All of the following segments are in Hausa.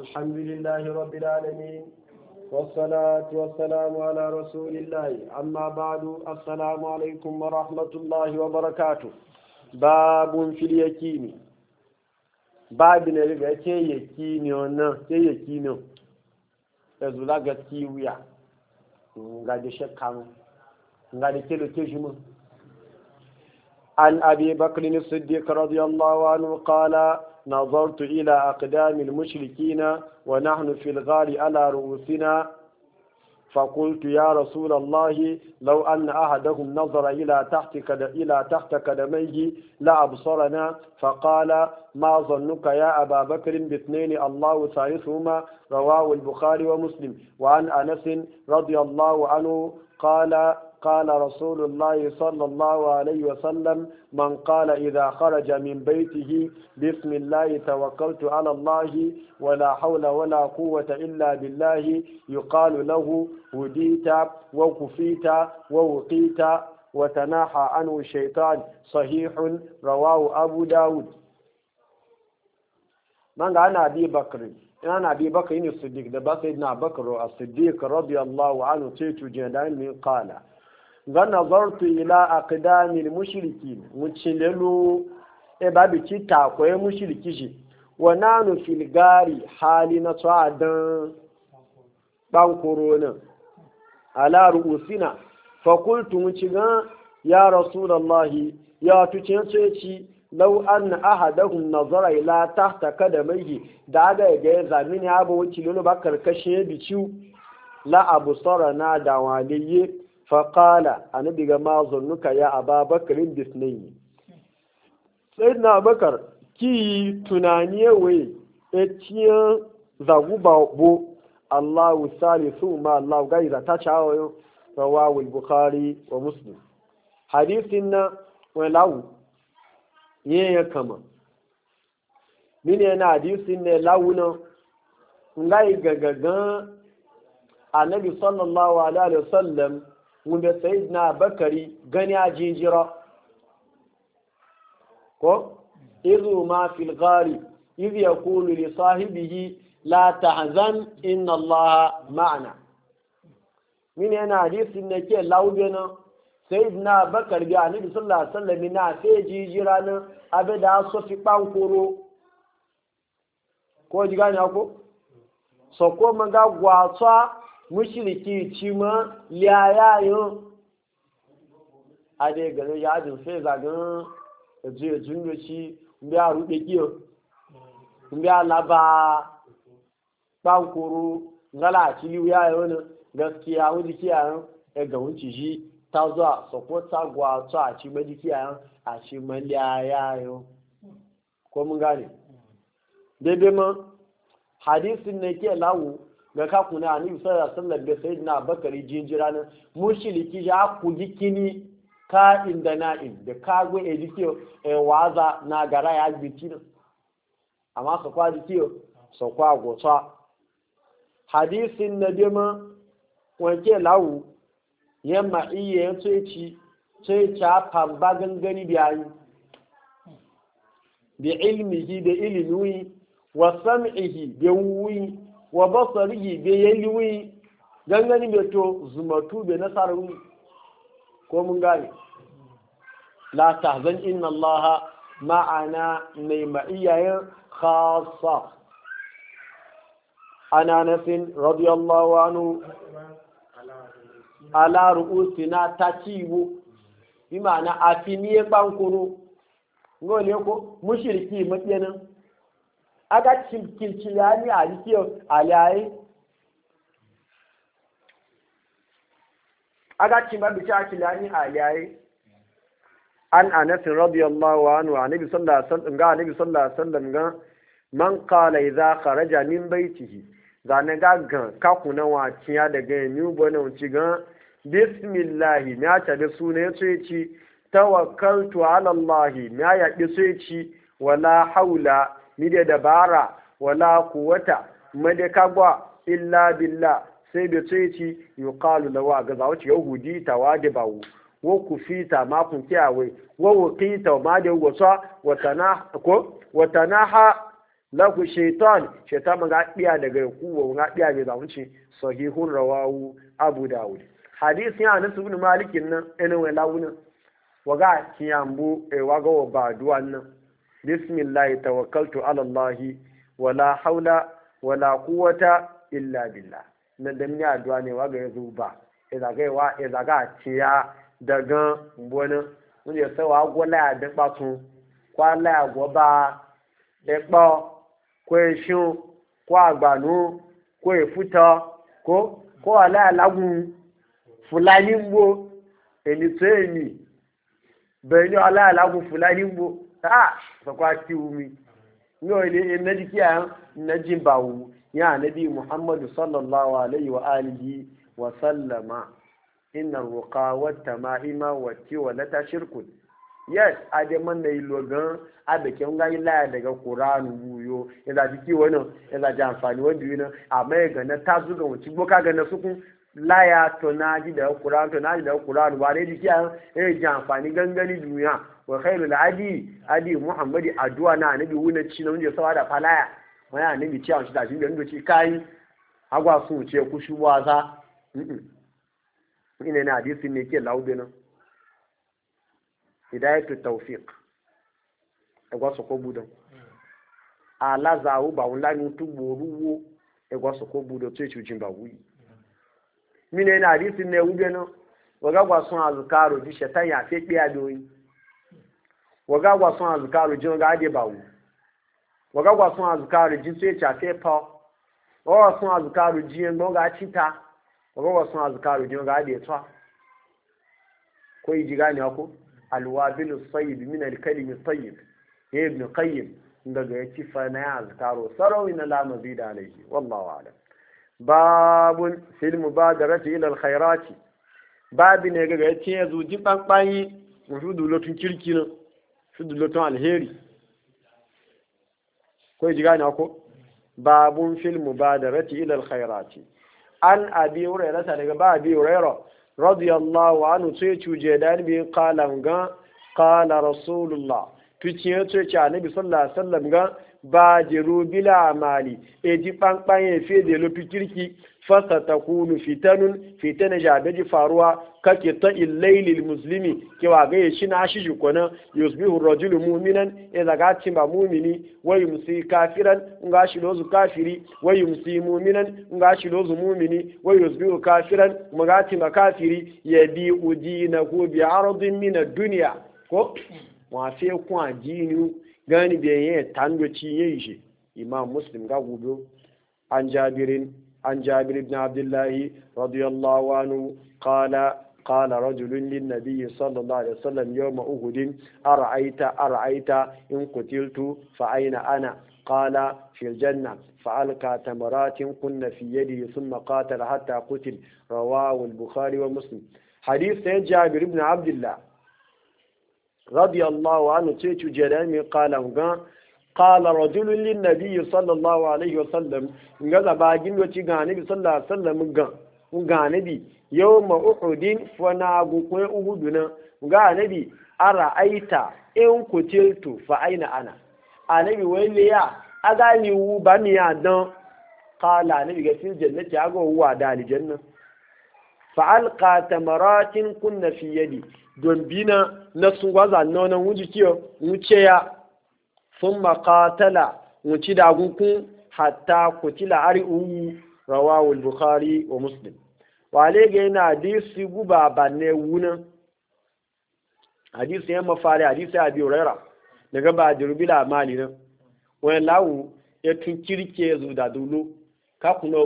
الحمد لله رب العالمين والصلاة والسلام على رسول الله أما بعد السلام عليكم ورحمة الله وبركاته باب في اليكين باب نرجع كي يكين يونا كي يكين ازولا قد كيويا قد شكام قد كيلو تجمع عن أبي بكر الصديق رضي الله عنه قال نظرت إلى أقدام المشركين ونحن في الغار على رؤوسنا فقلت يا رسول الله لو أن أحدهم نظر إلى تحت إلى تحت قدميه لأبصرنا فقال ما ظنك يا أبا بكر باثنين الله ثالثهما رواه البخاري ومسلم وعن أنس رضي الله عنه قال قال رسول الله صلى الله عليه وسلم من قال إذا خرج من بيته بسم الله توكلت على الله ولا حول ولا قوة إلا بالله يقال له وديت وكفيت ووقيت وتناحى عنه الشيطان صحيح رواه أبو داود من عن أبي بكر أنا أبي بكر الصديق ده بقى سيدنا بكر الصديق رضي الله عنه تيتو جنان من قال ga nazartu ila aqdamil mushrikin mucilelu e babi ci takoye mushriki shi wa nanu fil gari hali na tsadan bankoro nan ala ru'usina fa qultu muciga ya rasulullahi ya tuce ci lau an ahadahum nazara ila tahta kadamaihi da ga ya zamini abu wuci ba karkashin ya biciu la abusara na dawaliye faƙala a ga mazurnuka ya ababakarin disney sai na bakar ki tunani yawai ya ciye zagu bo allahu salisu ma allahu gai za ta cawayo rawawul wa muslim hadisin na wani ya kama gagagan sallallahu alaihi wasallam wanda sayid na bakari gani a jinjira ko izu ma fil gari izu ya kulu li sahibihi la ta'zan inna allaha ma'ana min yana hadisin da ke laube na sayid na bakar ga annabi sallallahu alaihi wasallam na sai jinjira nan. abin da so fi ko ji gani ko so ko manga gwatsa mushriki ci ma yayayin ade ganin yajin sai zagan yanzu ya jungo shi mbi a ruɗe giyo mbi a laba ɓankoro ngala a cili ya yi wani gaskiya wani kiyayen ya ga wunci shi ta zuwa sako ta gwato a ci ma kiyayen a ci ma yayayin ko mun gane daidai ma hadisin ne ke lawo ga kaku na annabi sallallahu alaihi wasallam da na bakari jinjira nan mushriki ya ku gikini ka inda na'in da ka kago e dike e waza na gara ya biti nan amma su kwa yau su kwa gota hadisin na dema wanke lawu yamma iya ya ci sai ta famba gangani biyayi da ilmihi da ilinuyi wa sam'ihi da wuyi wa basarihi be yaliwi gangani bai to zumatu be nasaru ko mun gane la tahzan inna allah ma'ana mai ma'iyayen khasa ana anasin radiyallahu anhu ala ru'usina ta ciwo bi ma'ana afiniye bankuru ngole ko mushriki matiyanan aga kilkilani ni a aga cimba bici kilani alayi an anas radiyallahu anhu wa nabi sallallahu alaihi wasallam ga nabi sallallahu alaihi wasallam ga man qala idha kharaja min baytihi ga ne ga ga ka kuna wa ciya daga ni bona unci ga bismillah mi a ta da sunan sai ci tawakkaltu ala allah mi a yaƙi sai ci wala haula mide da dabara wala kuwata kagwa illa billah sai bi ce ci yuqalu lawa a gaza wace yahudi ta wade bawo wa ta ma kun kiyawe wa ta ma da wasa wa tanaha ko wa tanaha lahu shaitan shaitan ma gaɗiya daga kuwa ma gaɗiya mai zamunci sahihun rawawu abu dawud hadisi ya nasu ibn malikin nan ina wai lawuna waga kiyambu e waga wa eh, baduwan nan bismillahi tawakkaltu ala allahi wala haula wala quwwata illa billah nan da miya addu'a ne wa ga yazo ba iza ga wa iza ga ciya daga mbona mun je sai wa gola da batu kwala goba da po ko eshin ko agbanu ko efuta ko ko ala lagun fulani mbo eni to eni bẹ́ẹ̀ ni aláàlágún fúlàní ń bò ta sakwa kiwumi yau ne na jiki a na jin bawu ya nabi muhammadu sallallahu alaihi wa alihi wa sallama inna ruqa wa tama'ima wa tiwalata shirkun yes a da man da yi logan a da kyan ga daga qur'anu buyo ya zaji kiwo nan ya zaji amfani wani yi na amma ya ga na tazu ga wuci boka ga sukun laya to na ji da Qur'an to na ji da Qur'an ba dai jiki an eh ji amfani gangani duniya wa khairul adi adi muhammadi addu'a na annabi wuna ci na wunje sawa da falaya wani annabi ci an shi da shi da ndo ci kai agwa su ce ku shi waza ina ne ke laube nan hidayatu ala zawo ba wani lani tu boruwo agwa mine na hadisi na wube no waga gwason azukaru ji shaitan ya fe kpe adoyi waga gwason azukaru ji waga adi bawo waga gwason azukaru ji so echa chafe pa waga gwason azukaru ji yin waga chita waga gwason azukaru ji waga adi twa ko yi ji gane ko alwabilu sayyid min alkalimi sayyid ya ibn qayyim daga ya ci fa na ya azukaru sarawi na lamazi da alaihi wallahu alam babun fil mubadarati ila alkhairati Babu ne ga yace yazo ji banbanyi su dulotun kirki na su dulotun alheri ko ji gane ko babun fil mubadarati ila alkhairati an abi hurairah daga ba abi hurairah radiyallahu anhu sai cuje da bi qala ga qala rasulullah tuciye tuce annabi sallallahu alaihi wasallam ga bajiru bila amali e ji pankpan ya e fi da lufi kirki fasa ta kunu fitanun fitana jabe ji faruwa kake ta ilaili muslimi wa ga ya e shi na shi jikona yusbihu rajulu mu'minan e daga cin ba mu'mini wa musi kafiran nga shi lozu kafiri wa musi mu'minan nga shi lozu mu'mini wa yusbihu kafiran kuma ga cin ba kafiri ya bi udina ko bi aradin min ad-dunya ko wa fi ku ajini gani biyan yin tandoci yin shi imam muslim ga gudu an jabirin an jabir ibn abdullah radiyallahu anhu qala قال رجل للنبي صلى الله عليه وسلم يوم أهد أرأيت أرأيت إن قتلت فأين أنا قال في الجنة فألقى تمرات كن في يده ثم قاتل حتى قتل رواه البخاري ومسلم حديث سيد جابر بن عبد الله radiyallahu anhu ce cu jeremi kalanga kala rajulun lin nabiyyi sallallahu alaihi wa sallam ga zaba gin do ci gani bi sallallahu alaihi wa sallam ga gani bi yawma uhudin fa na gu ko uhuduna ga nabi ara aita in ku tiltu fa aina ana anabi wani ya aga ni u ba mi adan kala nabi ga fil jannati ago wa dali jannati fa'alƙa tamaratin kunna fi yadi don bina na sun gwaza nuna wuce ya sun makatala wuci da gukun hatta kutila ari'u rawawul bukhari wa muslim wale ga yana hadisi guba ba ne wunan hadisi yamma fare hadisi raira daga ba jirbila mali nan wani lawu ya tun kirke zu da dulo ka kuna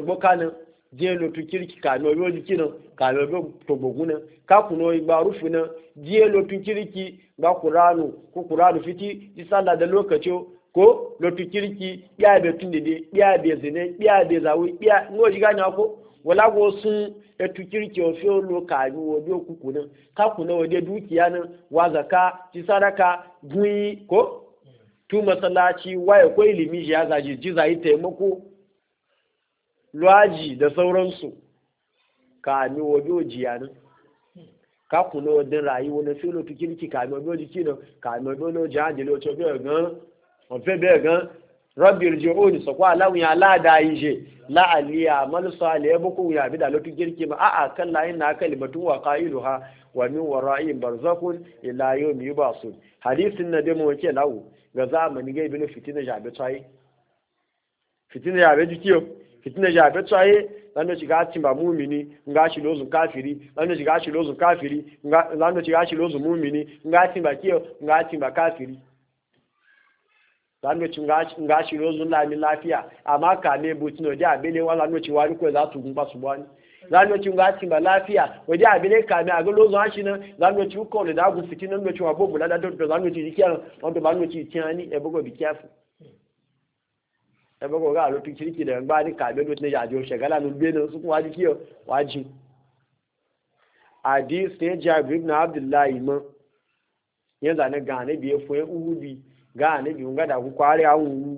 je lo tu kiriki ka no yo jikin ka lo go to boguna ka ku no igba rufu na je lo tu kirki ga qur'anu ku qur'anu fiti di sallah da lokaci ko lo tu kiriki ya be tunde de ya be zine ya be zawi ya ngo jiga na ko wala go sun e tu kirki o fi lo ka ni wo do kuku na ka ku no de dukiya na wa zaka ti gui ko tu masallaci waye ko ilimi ya zaji ji zai taimako lwaji da sauransu kami wajo jiyanin ka kuna wadin rayuwa na filo fikirki kami wajo jiki na kami wajo na jihadi lo to bẹ́ẹ̀ e gan fe be gan rọ́bì rìjì ó ní sọ̀kọ́ la aliya mal ṣe bu ku ya bi da lo ló kirki ma a'a kan yin na kalimatu wa qailuha wa min wara'in barzakun ila yawm yub'asun hadithin na demo ke lawo ga zamani ga ibn fitina jabe tsayi fitina be jikiyo fitina ja be tsaye lando shiga cin ba mumini nga shi lozun kafiri lando shiga shi lozun kafiri nga lando shiga shi lozun mumini nga cin ba kiyo nga cin kafiri lando cin nga shi lozun lami lafiya amma ka ne butino ja be ne wala no ci ko za su gumba su bani lando cin nga cin ba lafiya waje abi ne ka ne lozun hashi nan lando cin ko ne da gu fitina lando cin wa bobu lada do lando cin kiyan lando lando cin tiani e ẹgbẹ́ kọ̀ọ̀gá àlópin kìrìkì rẹ̀ ń gbá ní kàbẹ́ ló ti ṣẹ̀gálà ló gbé náà sókún wájú kí ọ wájú. àdí sèjì àbíbí abdullahi mọ́ yẹn zàní gan àníbi efun ewu bi gan àníbi ń gàdà kúkọ àárẹ̀ àwọn òwú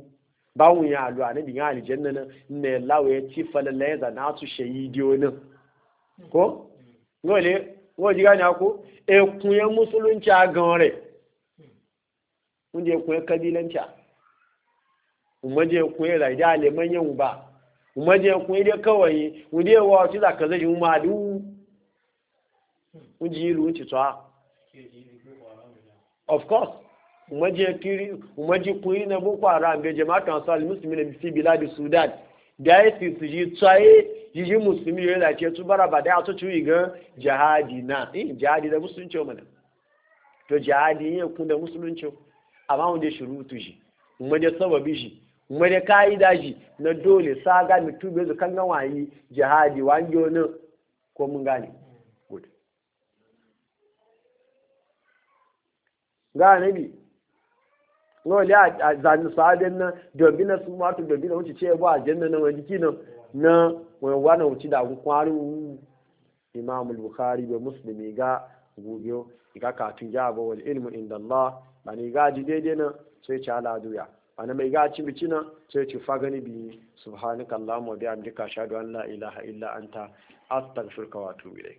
báwọn yẹn àlọ́ àníbi yẹn àlìjẹ́ nínú nà ẹ̀ láwọ̀ ẹ̀ tí fẹlẹ̀ lẹ́yìn zàní àtúnṣe di ọ̀nà. kó wọ́n jí gánà kó yẹn umaje hmm. ku yi raida aleman yin ba umaje ku yi dai kawai wunde yawa wacce za ka zai yi umaru wunji yi ruwunci tsawa of course umaje kiri umaje ku yi na boko haram bai jama'atu wasu musulmi na bisi biladi sudan da ya fi su ji tsaye jijin musulmi ya lafiya su bara ba da ya tuci yi gan jihadi na in jihadi da musulunci mana to jihadi ya kun da musulunci amma wanda shiru tuji kuma da sababi shi da kayi daji na dole saga mutum bai zukan na wayi jihadi wange wani ko mun gane good gane bi no le a zani sahabin nan dobi na sun wato dobi na wuce ce ba a janna na wani kinan na wani wani wuce da kwarin imam bukhari da muslimi ga gobe ga katun ya ba ilmu inda allah ba ni gaji daidai na sai ci ala duya ana mai ga ci bici nan sai ci fa gani bi subhanakallahumma wa bihamdika ashhadu an la ilaha illa anta astaghfiruka wa atubu ilayk